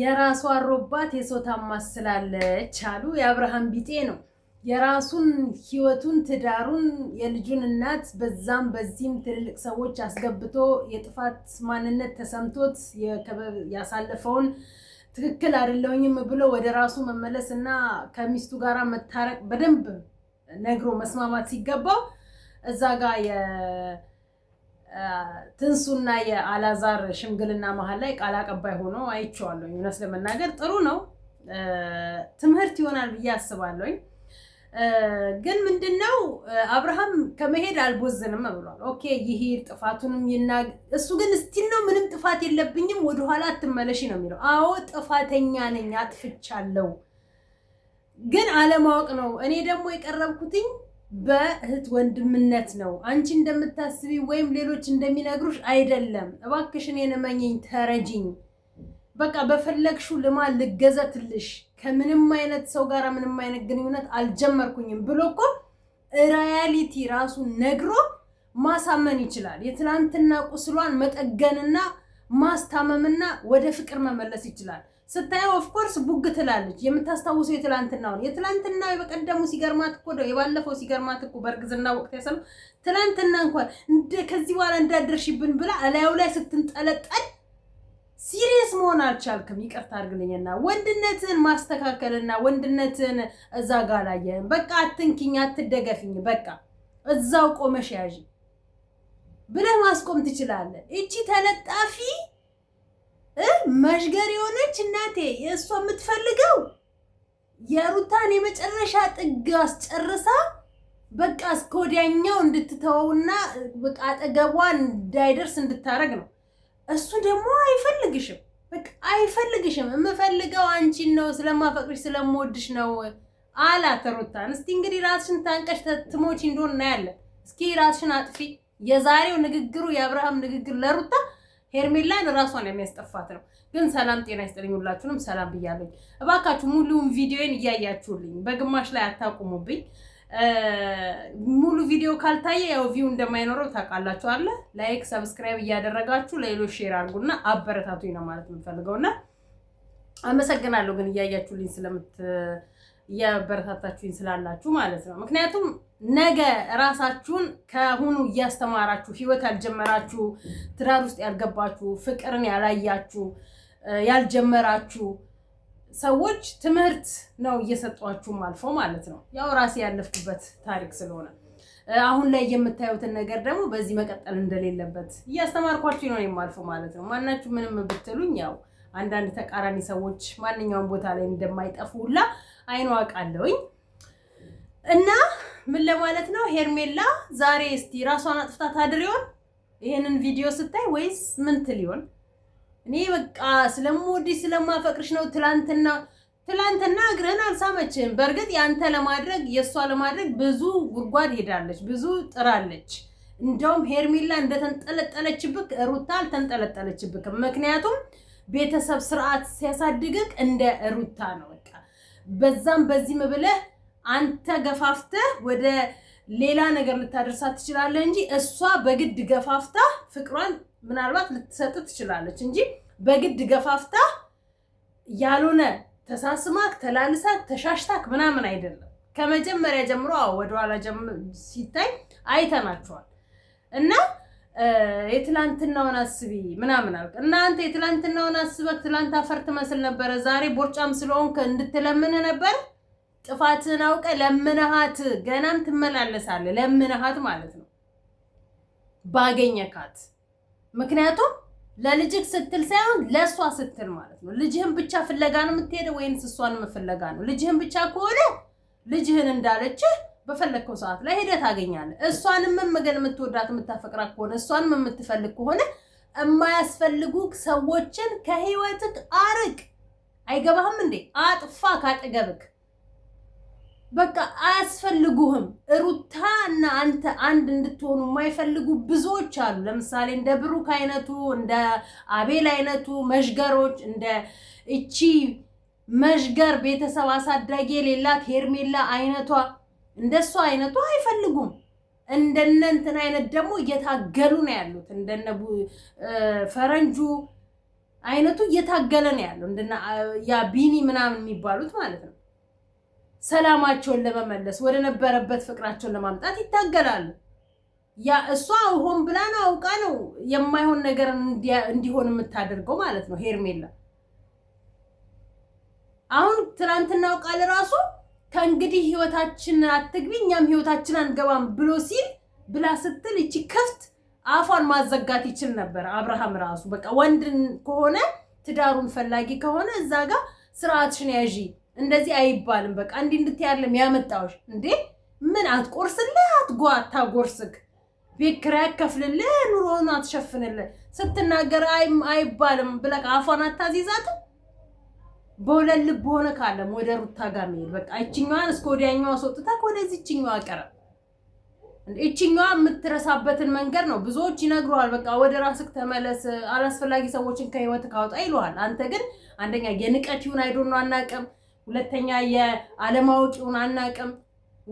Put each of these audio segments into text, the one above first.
የራሱ አሮባት የሰው ታማስላለች አሉ። የአብርሃም ቢጤ ነው። የራሱን ህይወቱን፣ ትዳሩን፣ የልጁን እናት በዛም በዚህም ትልልቅ ሰዎች አስገብቶ የጥፋት ማንነት ተሰምቶት ያሳለፈውን ትክክል አይደለሁኝም ብሎ ወደ ራሱ መመለስ እና ከሚስቱ ጋር መታረቅ በደንብ ነግሮ መስማማት ሲገባው እዛ ጋር ትንሱና የአላዛር ሽምግልና መሀል ላይ ቃል አቀባይ ሆኖ አይቼዋለሁ። እውነት ለመናገር ጥሩ ነው፣ ትምህርት ይሆናል ብዬ አስባለሁኝ። ግን ምንድነው አብርሃም ከመሄድ አልቦዘንም ብሏል። ኦኬ ይሄድ፣ ጥፋቱንም ይናገር። እሱ ግን እስቲል ነው ምንም ጥፋት የለብኝም፣ ወደኋላ አትመለሽ ነው የሚለው። አዎ ጥፋተኛ ነኝ፣ አጥፍቻለሁ፣ ግን አለማወቅ ነው። እኔ ደግሞ የቀረብኩትኝ በእህት ወንድምነት ነው። አንቺ እንደምታስቢ ወይም ሌሎች እንደሚነግሩሽ አይደለም። እባክሽን የነመኝኝ ተረጅኝ። በቃ በፈለግሹ ልማ ልገዘትልሽ። ከምንም አይነት ሰው ጋር ምንም አይነት ግንኙነት አልጀመርኩኝም ብሎ እኮ ሪያሊቲ ራሱ ነግሮ ማሳመን ይችላል። የትናንትና ቁስሏን መጠገንና ማስታመምና ወደ ፍቅር መመለስ ይችላል። ስታየው ኦፍኮርስ ቡግ ትላለች። የምታስታውሰው የትላንትናውን የትላንትና የበቀደሙ ሲገርማት እኮ ነው የባለፈው ሲገርማት እኮ በእርግዝና ወቅት ያሰሉ ትላንትና እንኳን ከዚህ በኋላ እንዳደርሽብን ብላ እላዩ ላይ ስትንጠለጠል ሲሪየስ መሆን አልቻልክም። ይቅርታ አድርግልኝና ወንድነትን ማስተካከልና ወንድነትን እዛ ጋላ ላየህም በቃ አትንኪኝ፣ አትደገፍኝ፣ በቃ እዛው ቆመሽ ያዥ ብለህ ማስቆም ትችላለህ። እቺ ተለጣፊ መዥገር የሆነች እናቴ የእሷ የምትፈልገው የሩታን የመጨረሻ ጥግ አስጨርሳ በቃ እስከ ወዲያኛው እንድትተወውና በቃ አጠገቧ እንዳይደርስ እንድታረግ ነው። እሱ ደግሞ አይፈልግሽም፣ በቃ አይፈልግሽም። የምፈልገው አንቺን ነው፣ ስለማፈቅርሽ ስለምወድሽ ነው አላት ሩታን። እስቲ እንግዲህ ራስሽን ታንቀሽ ትሞቺ እንደሆን እናያለን። እስኪ ራስሽን አጥፊ። የዛሬው ንግግሩ የአብርሃም ንግግር ለሩታ ሄርሜላን ራሷን የሚያስጠፋት ነው። ግን ሰላም ጤና ይስጥልኝ፣ ሁላችሁንም ሰላም ብያለኝ። እባካችሁ ሙሉውን ቪዲዮን እያያችሁልኝ በግማሽ ላይ አታቁሙብኝ። ሙሉ ቪዲዮ ካልታየ ያው ቪው እንደማይኖረው ታውቃላችሁ። አለ ላይክ፣ ሰብስክራይብ እያደረጋችሁ ለሌሎች ሼር አድርጉና አበረታቱኝ ነው ማለት የምፈልገውና አመሰግናለሁ ግን እያያችሁልኝ ስለምት እያበረታታችሁኝ ስላላችሁ ማለት ነው። ምክንያቱም ነገ ራሳችሁን ከአሁኑ እያስተማራችሁ ህይወት ያልጀመራችሁ፣ ትዳር ውስጥ ያልገባችሁ፣ ፍቅርን ያላያችሁ፣ ያልጀመራችሁ ሰዎች ትምህርት ነው እየሰጧችሁም አልፎ ማለት ነው። ያው ራሴ ያለፍኩበት ታሪክ ስለሆነ አሁን ላይ የምታዩትን ነገር ደግሞ በዚህ መቀጠል እንደሌለበት እያስተማርኳችሁ ነው የማልፎ ማለት ነው። ማናችሁ ምንም ብትሉኝ ያው አንዳንድ ተቃራኒ ሰዎች ማንኛውም ቦታ ላይ እንደማይጠፉ ሁላ አይኗ አውቃለሁኝ። እና ምን ለማለት ነው ሄርሜላ ዛሬ እስቲ ራሷን አጥፍታ ታድር ይሆን ይሄንን ቪዲዮ ስታይ ወይስ ምን ትል ይሆን? እኔ በቃ ስለምወድሽ ስለማፈቅርሽ ነው። ትላንትና ትላንትና እግርህን አልሳመችህም። በእርግጥ ያንተ ለማድረግ የእሷ ለማድረግ ብዙ ጉድጓድ ሄዳለች፣ ብዙ ጥራለች። እንደውም ሄርሜላ እንደተንጠለጠለችብክ ሩታ አልተንጠለጠለችብክም። ምክንያቱም ቤተሰብ ስርዓት ሲያሳድግህ እንደ ሩታ ነው። በቃ በዛም በዚህም ብለህ አንተ ገፋፍተህ ወደ ሌላ ነገር ልታደርሳት ትችላለህ እንጂ እሷ በግድ ገፋፍታ ፍቅሯን ምናልባት ልትሰጥ ትችላለች እንጂ በግድ ገፋፍታ ያልሆነ ተሳስማክ፣ ተላልሳክ፣ ተሻሽታክ ምናምን አይደለም። ከመጀመሪያ ጀምሮ ወደኋላ ሲታይ አይተናቸዋል እና የትላንትናውን አስቢ ምናምን አልክ። እናንተ የትላንትናውን አስበህ ትላንት አፈር ትመስል ነበረ፣ ዛሬ ቦርጫም ስለሆንክ እንድትለምን ነበር። ጥፋትን አውቀ ለምንሃት፣ ገናም ትመላለሳለ ለምንሃት ማለት ነው ባገኘካት። ምክንያቱም ለልጅህ ስትል ሳይሆን ለእሷ ስትል ማለት ነው። ልጅህን ብቻ ፍለጋ ነው የምትሄደው ወይንስ እሷንም ፍለጋ ነው? ልጅህን ብቻ ከሆነ ልጅህን እንዳለችህ በፈለግከው ሰዓት ላይ ሄደህ ታገኛለህ። እሷንም መመገን የምትወዳት የምታፈቅራት ከሆነ እሷንም የምትፈልግ ከሆነ የማያስፈልጉ ሰዎችን ከህይወትህ አርቅ። አይገባህም እንዴ? አጥፋ ካጠገብክ። በቃ አያስፈልጉህም። ሩታ እና አንተ አንድ እንድትሆኑ የማይፈልጉ ብዙዎች አሉ። ለምሳሌ እንደ ብሩክ አይነቱ፣ እንደ አቤል አይነቱ መዥገሮች፣ እንደ እቺ መዥገር ቤተሰብ አሳዳጊ የሌላት ሄርሜላ አይነቷ እንደሱ አይነቱ አይፈልጉም። እንደነ እንትን አይነት ደግሞ እየታገሉ ነው ያሉት። እንደነ ፈረንጁ አይነቱ እየታገለ ነው ያለው። እንደነ ያ ቢኒ ምናምን የሚባሉት ማለት ነው። ሰላማቸውን ለመመለስ ወደ ነበረበት ፍቅራቸውን ለማምጣት ይታገላሉ። ያ እሷ ሆን ብላ ነው አውቃ ነው የማይሆን ነገር እንዲሆን የምታደርገው ማለት ነው ሄርሜላ። አሁን ትናንትና አውቃል ራሱ ከእንግዲህ ህይወታችን አትግቢ እኛም ህይወታችን አንገባም ብሎ ሲል ብላ ስትል እቺ ክፍት አፏን ማዘጋት ይችል ነበር። አብርሃም ራሱ በቃ ወንድን ከሆነ ትዳሩን ፈላጊ ከሆነ እዛ ጋር ስርዓትሽን ያዢ እንደዚህ አይባልም። በቃ እንዲህ እንድትያለም ያመጣዎች እንዴ ምን አትቆርስልህ አትጓ አታጎርስክ ቤት ኪራይ አትከፍልልህ ኑሮውን አትሸፍንልህ ስትናገር አይባልም ብለህ አፏን አታዚዛትም። በሁለት ልብ ሆነ ካለም ወደ ሩታ ጋር መሄድ በቃ እችኛዋን እስከ ወዲያኛዋ አስወጥታ ወደዚህ እችኛዋ ቀረብ እችኛዋ የምትረሳበትን መንገድ ነው። ብዙዎች ይነግረዋል፣ በቃ ወደ ራስክ ተመለስ፣ አላስፈላጊ ሰዎችን ከህይወት ካወጣ ይለዋል። አንተ ግን አንደኛ የንቀት ይሁን አናቅም፣ ሁለተኛ የአለማወቅ ይሁን አናቅም፣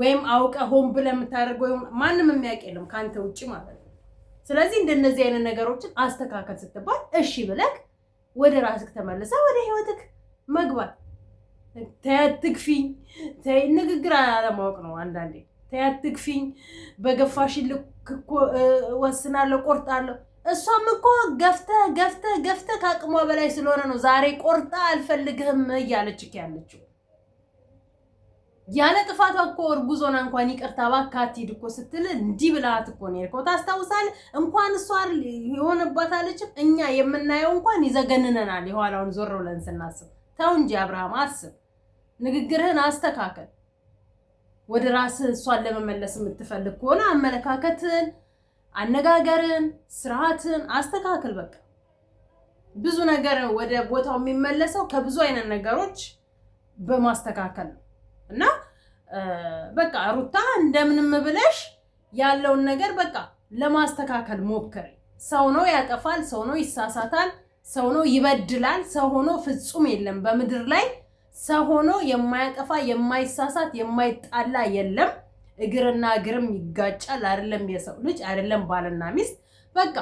ወይም አውቀ ሆን ብለህ የምታደርገው ይሁን ማንም የሚያውቅ የለም ከአንተ ውጭ ማለት ነው። ስለዚህ እንደነዚህ አይነት ነገሮችን አስተካከል ስትባል እሺ ብለህ ወደ ራስክ ተመለሰ ወደ ህይወትክ መግባት ተያት ትግፊኝ ንግግር አለማወቅ ነው። አንዳንዴ ተያት ትግፊኝ በገፋሽን ልክ እኮ ወስናለሁ ቆርጣለሁ። እሷም እኮ ገፍተ ገፍተ ገፍተ ከአቅሟ በላይ ስለሆነ ነው ዛሬ ቆርጣ አልፈልግህም እያለች ያለችው። ያለ ጥፋቷ እኮ እርጉዞና እንኳን ይቅርታ እባክህ አትሂድ እኮ ስትል እንዲህ ብላት እኮ ነው የሄድከው። ታስታውሳለህ? እንኳን እሷ የሆነባት አለችም እኛ የምናየው እንኳን ይዘገንነናል የኋላውን ዞር ብለን ስናስብ ተው እንጂ አብርሃም፣ አስብ፣ ንግግርህን አስተካከል። ወደ ራስህ እሷን ለመመለስ የምትፈልግ ከሆነ አመለካከትን፣ አነጋገርን፣ ስርዓትን አስተካከል በቃ ብዙ ነገር ወደ ቦታው የሚመለሰው ከብዙ አይነት ነገሮች በማስተካከል ነው እና በቃ ሩታ እንደምንም ብለሽ ያለውን ነገር በቃ ለማስተካከል ሞክሪ። ሰው ነው ያጠፋል፣ ሰው ነው ይሳሳታል። ሰው ነው ይበድላል። ሰው ሆኖ ፍጹም የለም በምድር ላይ ሰው ሆኖ የማያጠፋ የማይሳሳት የማይጣላ የለም። እግርና እግርም ይጋጫል። አይደለም የሰው ልጅ አይደለም ባልና ሚስት። በቃ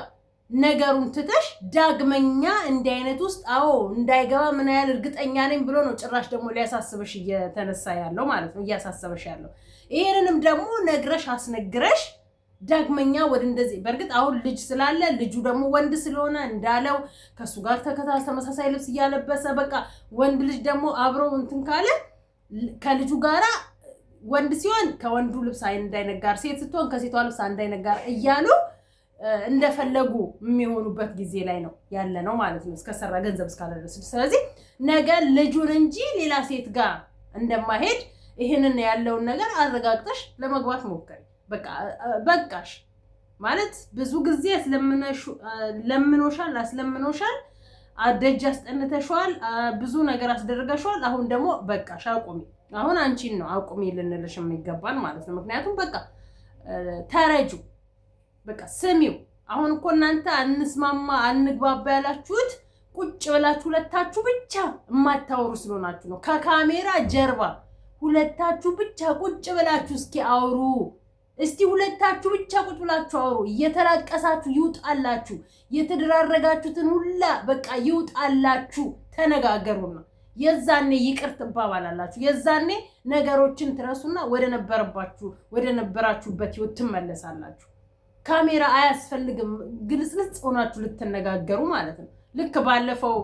ነገሩን ትተሽ ዳግመኛ እንዲህ አይነት ውስጥ አዎ እንዳይገባ ምን ያህል እርግጠኛ ነኝ ብሎ ነው ጭራሽ ደግሞ ሊያሳስበሽ እየተነሳ ያለው ማለት ነው፣ እያሳሰበሽ ያለው ይሄንንም ደግሞ ነግረሽ አስነግረሽ ዳግመኛ ወደ እንደዚህ በእርግጥ አሁን ልጅ ስላለ ልጁ ደግሞ ወንድ ስለሆነ እንዳለው ከእሱ ጋር ተከታታይ ተመሳሳይ ልብስ እያለበሰ በቃ ወንድ ልጅ ደግሞ አብሮ እንትን ካለ ከልጁ ጋራ ወንድ ሲሆን ከወንዱ ልብስ አይን እንዳይነጋር፣ ሴት ስትሆን ከሴቷ ልብስ እንዳይነጋር እያሉ እንደፈለጉ የሚሆኑበት ጊዜ ላይ ነው ያለ ነው ማለት ነው። እስከሰራ ገንዘብ እስካለደረስ ስለዚህ ነገ ልጁን እንጂ ሌላ ሴት ጋር እንደማሄድ ይህንን ያለውን ነገር አረጋግጠሽ ለመግባት ሞከሪ። በቃ በቃሽ ማለት ብዙ ጊዜ ለምኖሻል፣ አስለምኖሻል፣ ደጅ አስጠንተሸዋል፣ ብዙ ነገር አስደርገሸዋል። አሁን ደግሞ በቃሽ አቁሚ፣ አሁን አንቺን ነው አቁሚ ልንልሽ የሚገባል ማለት ነው። ምክንያቱም በቃ ተረጁ፣ በቃ ስሚው። አሁን እኮ እናንተ አንስማማ፣ አንግባባ ያላችሁት ቁጭ ብላችሁ ሁለታችሁ ብቻ የማታወሩ ስለሆናችሁ ነው። ከካሜራ ጀርባ ሁለታችሁ ብቻ ቁጭ ብላችሁ እስኪ አውሩ። እስቲ ሁለታችሁ ብቻ ቁጭ ብላችሁ አውሩ። እየተላቀሳችሁ ይውጣላችሁ፣ የተደራረጋችሁትን ሁላ በቃ ይውጣላችሁ። ተነጋገሩና የዛኔ ይቅር ትባባላላችሁ። የዛኔ ነገሮችን ትረሱና ወደ ነበረባችሁ ወደ ነበራችሁበት ህይወት ትመለሳላችሁ። ካሜራ አያስፈልግም። ግልጽልጽ ሆናችሁ ልትነጋገሩ ማለት ነው። ልክ ባለፈው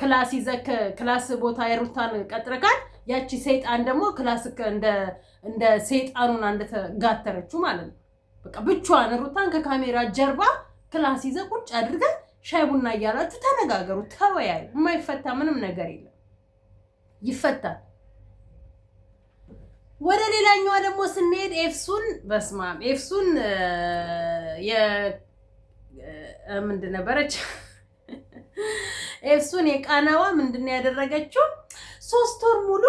ክላስ ይዘህ ክላስ ቦታ የሩታን ቀጥረካል ያቺ ሰይጣን ደግሞ ክላስክ እንደ ሰይጣኑና እንደተጋተረችው ማለት ነው። በቃ ብቻዋን ሩታን ከካሜራ ጀርባ ክላስ ይዘ ቁጭ አድርገን ሻይ ቡና እያላችሁ ተነጋገሩ፣ ተወያዩ። የማይፈታ ምንም ነገር የለም፣ ይፈታል። ወደ ሌላኛዋ ደግሞ ስንሄድ ኤፍሱን በስማም ኤፍሱን ምንድን ነበረች? እሱን የቃናዋ ምንድን ነው ያደረገችው? ሶስት ወር ሙሉ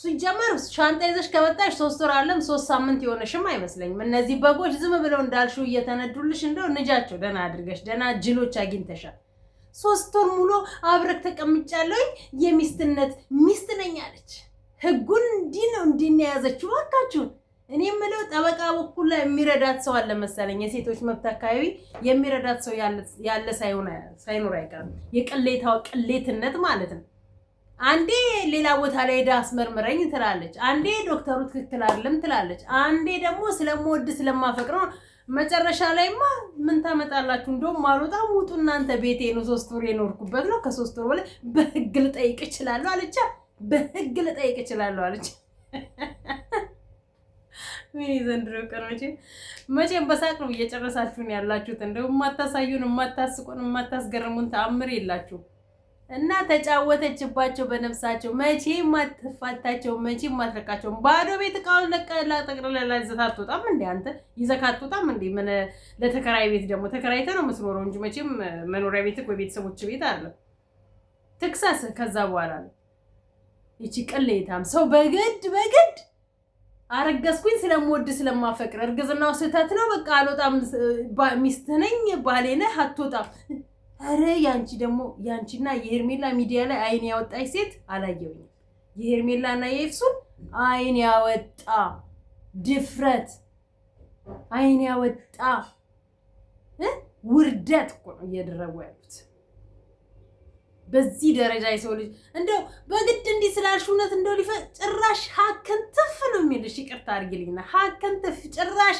ሲጀመር ሻንጣ ይዘሽ ከመጣሽ ሶስት ወር አለም ሶስት ሳምንት የሆነሽም አይመስለኝም። እነዚህ በጎች ዝም ብለው እንዳልሹ እየተነዱልሽ እንደው ንጃቸው ደህና አድርገሽ ደህና ጅሎች አግኝተሻል። ሶስት ወር ሙሉ አብረክ ተቀምጫለኝ የሚስትነት ሚስት ነኝ አለች። ህጉን እንዲህ ነው እንዲህ ነው የያዘችው። እባካችሁን እኔ የምለው ጠበቃ በኩል ላይ የሚረዳት ሰው አለ መሰለኝ። የሴቶች መብት አካባቢ የሚረዳት ሰው ያለ ሳይኖር አይቀርም። የቅሌታው ቅሌትነት ማለት ነው። አንዴ ሌላ ቦታ ላይ ሄዳ አስመርምረኝ ትላለች፣ አንዴ ዶክተሩ ትክክል አይደለም ትላለች፣ አንዴ ደግሞ ስለምወድ ስለማፈቅረው መጨረሻ ላይማ ምን ታመጣላችሁ? እንደውም አልወጣም ውጡ እናንተ ቤቴ ነው፣ ሶስት ወር የኖርኩበት ነው። ከሶስት ወር በላይ በህግ ልጠይቅ እችላለሁ አለቻ። በህግ ልጠይቅ እችላለሁ አለቻ። ምን ዘንድሮ ቀሮች መቼም በሳቅ ነው እየጨረሳችሁን ያላችሁት። እንደው የማታሳዩን የማታስቁን የማታስገርሙን ተአምር የላችሁ እና ተጫወተችባቸው በነፍሳቸው። መቼ ማትፋታቸው መቼ አትለቃቸውም። ባዶ ቤት እቃውን ለቀላ ጠቅለላ ይዘት አትወጣም እንዴ አንተ ይዘካ አትወጣም እንዴ? ምን ለተከራይ ቤት ደግሞ ተከራይተ ነው የምትኖረው እንጂ መቼም መኖሪያ ቤት ወይ ቤተሰቦች ቤት አለ ትክሰስ ከዛ በኋላ ነው ይቺ ቅሌታም ሰው በግድ በግድ አረገዝኩኝ ስለምወድ ስለማፈቅር እርግዝናው ስህተት ነው። በቃ አልወጣም፣ ሚስት ነኝ፣ ባሌ ነህ፣ አትወጣም። ኧረ ያንቺ ደግሞ ያንቺና የሄርሜላ ሚዲያ ላይ አይን ያወጣች ሴት አላየሁኝም። የሄርሜላና የኤፍሱን አይን ያወጣ ድፍረት፣ አይን ያወጣ ውርደት እኮ ነው እየደረጉ ያሉት። በዚህ ደረጃ የሰው ልጅ እንደው በግድ እንዲህ ስላልሽ እውነት እንደው ሊፈ ጭራሽ ሀከን ትፍ ነው የሚልሽ። ይቅርታ አድርጊልኝና ሀከን ትፍ ጭራሽ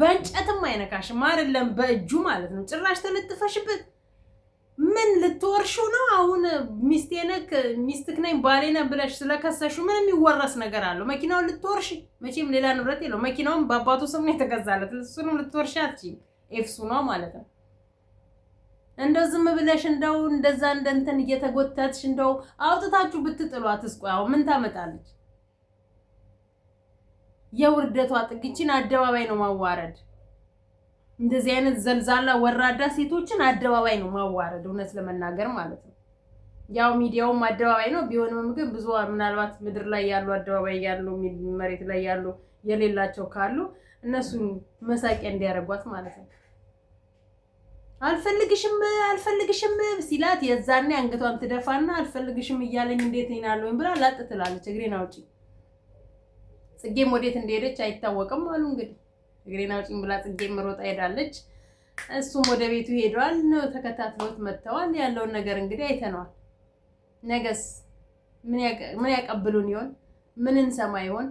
በእንጨትም አይነካሽም አይደለም በእጁ ማለት ነው። ጭራሽ ተለጥፈሽበት ምን ልትወርሹ ነው አሁን? ሚስቴነክ ሚስትክ ነኝ ባሌነ ብለሽ ስለከሰሹ ምን የሚወረስ ነገር አለው? መኪናውን ልትወርሽ መቼም ሌላ ንብረት የለው። መኪናውን በአባቱ ስም ነው የተገዛለት። እሱንም ልትወርሽ አትችይም። ኤፍሱ ነው ማለት ነው። እንደው ዝም ብለሽ እንደው እንደዛ እንደንተን እየተጎተትሽ እንደው አውጥታችሁ ብትጥሏት እስቆ ምን ታመጣለች? የውርደቷ ጥግችን አደባባይ ነው ማዋረድ። እንደዚህ አይነት ዘልዛላ ወራዳ ሴቶችን አደባባይ ነው ማዋረድ፣ እውነት ለመናገር ማለት ነው። ያው ሚዲያውም አደባባይ ነው ቢሆንም ግን ብዙ ምናልባት ምድር ላይ ያሉ አደባባይ ያሉ መሬት ላይ ያሉ የሌላቸው ካሉ እነሱን መሳቂያ እንዲያደርጓት ማለት ነው። አልፈልግሽም አልፈልግሽም ሲላት የዛኔ አንገቷን ትደፋና አልፈልግሽም እያለኝ እንዴት ይናል ወይም ብላ ላጥ ትላለች። እግሬን አውጪኝ። ጽጌም ወዴት እንደሄደች አይታወቅም አሉ እንግዲህ እግሬን አውጪኝ ብላ ጽጌም ሮጣ ሄዳለች። እሱም ወደ ቤቱ ሄደዋል ነው ተከታትሎት መጥተዋል። ያለውን ነገር እንግዲህ አይተነዋል። ነገስ ምን ያቀብሉን ይሆን? ምን እንሰማ ይሆን?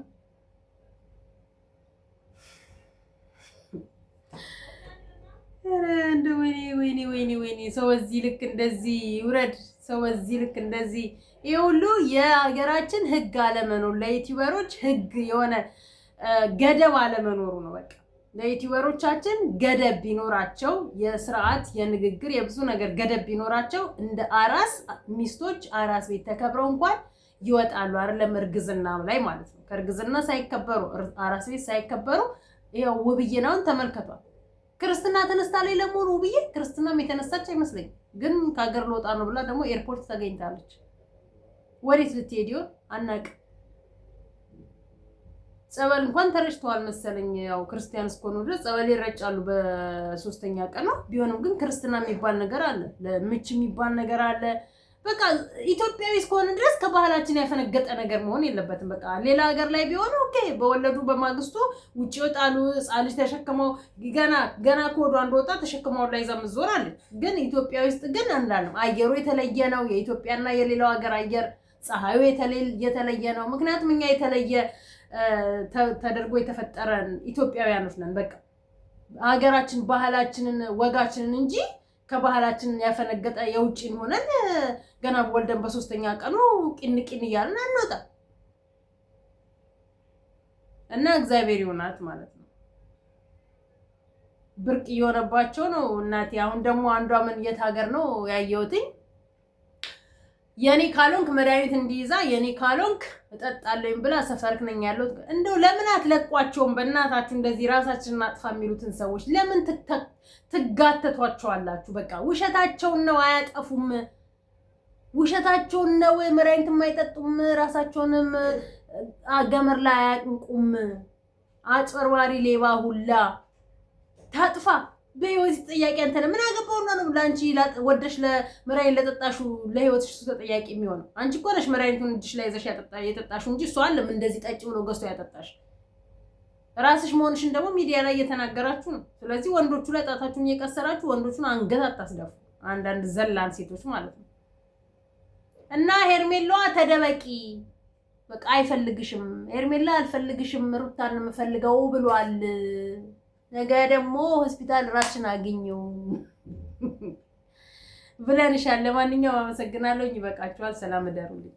እንደ ወይኔ ወይኔ ወይኔ ወይኔ ሰው በዚህ ልክ እንደዚህ ይውረድ። ሰው በዚህ ልክ እንደዚህ ይህ ሁሉ የሀገራችን ህግ አለመኖር ለዩቲዩበሮች ህግ የሆነ ገደብ አለመኖሩ ነው። በቃ ለዩቲዩበሮቻችን ገደብ ቢኖራቸው የስርዓት የንግግር የብዙ ነገር ገደብ ቢኖራቸው እንደ አራስ ሚስቶች አራስ ቤት ተከብረው እንኳን ይወጣሉ። አይደለም እርግዝና ላይ ማለት ነው። ከእርግዝና ሳይከበሩ አራስ ቤት ሳይከበሩ ይኸው ውብዬናውን ተመልከቷል። ክርስትና ተነስታ ላይ ለመሆኑ ብዬ ክርስትናም የተነሳች አይመስለኝ። ግን ከሀገር ልወጣ ነው ብላ ደግሞ ኤርፖርት ተገኝታለች። ወዴት ልትሄድ ይሆን አናቅ ጸበል እንኳን ተረጭተዋል መሰለኝ። ያው ክርስቲያን እስከሆኑ ድረስ ጸበል ይረጫሉ በሶስተኛ ቀን ነው። ቢሆንም ግን ክርስትና የሚባል ነገር አለ፣ ምች የሚባል ነገር አለ። በቃ ኢትዮጵያዊ እስከሆነ ድረስ ከባህላችን ያፈነገጠ ነገር መሆን የለበትም። በቃ ሌላ ሀገር ላይ ቢሆን ኦኬ፣ በወለዱ በማግስቱ ውጭ ወጣሉ ሕፃን ልጅ ተሸክመው ገና ገና ከወዱ አንድ ወጣ ተሸክመው ላይ ዛም ዞር ግን ኢትዮጵያ ውስጥ ግን እንዳለም አየሩ የተለየ ነው። የኢትዮጵያና የሌላው ሀገር አየር ፀሐዩ የተለየ ነው። ምክንያቱም እኛ የተለየ ተደርጎ የተፈጠረን ኢትዮጵያውያኖች ነን። በቃ ሀገራችን ባህላችንን ወጋችንን እንጂ ከባህላችን ያፈነገጠ የውጭን ሆነን ገና ወልደን በሶስተኛ ቀኑ ቂን ቂን እያልን አንወጣ እና እግዚአብሔር ይሆናት ማለት ነው። ብርቅ እየሆነባቸው ነው እናቴ። አሁን ደግሞ አንዷ ምን የት ሀገር ነው ያየሁትኝ የኔ ካልሆንክ መድኃኒት እንዲይዛ የኔ ካልሆንክ እጠጣለሁኝ ብላ ሰፈርክ ነኝ ያለው። እንደው ለምን አትለቋቸውም? በእናታችሁ እንደዚህ ራሳችን እናጥፋ የሚሉትን ሰዎች ለምን ትጋተቷቸዋላችሁ? በቃ ውሸታቸውን ነው፣ አያጠፉም። ውሸታቸውን ነው። መድኃኒትም አይጠጡም፣ ራሳቸውንም ገመር ላይ አያንቁም። አጭበርባሪ ሌባ ሁላ ታጥፋ በህይወት ተጠያቂ አንተ ነህ። ምን አገባውና ነው ለአንቺ ወደሽ ለምራይን ለጠጣሹ ለህይወትሽ እሱ ተጠያቂ የሚሆነው? አንቺ እኮ ነሽ ምራይን እጅሽ ላይ ይዘሽ የጠጣሹ እንጂ እሱ አለም እንደዚህ ጠጭ ብሎ ገዝቶ ያጠጣሽ ራስሽ መሆንሽን ደግሞ ሚዲያ ላይ እየተናገራችሁ ነው። ስለዚህ ወንዶቹ ላይ ጣታችሁን እየቀሰራችሁ ወንዶቹን አንገት አታስደፉ። አንዳንድ ዘላን ሴቶች ማለት ነው። እና ሄርሜላዋ ተደበቂ በቃ አይፈልግሽም። ሄርሜላ አልፈልግሽም ሩታን የምፈልገው ብሏል። ነገ ደግሞ ሆስፒታል ራስሽን አግኘው ብለንሻል። ለማንኛውም አመሰግናለሁ። ይበቃችኋል። ሰላም እደሩልኝ።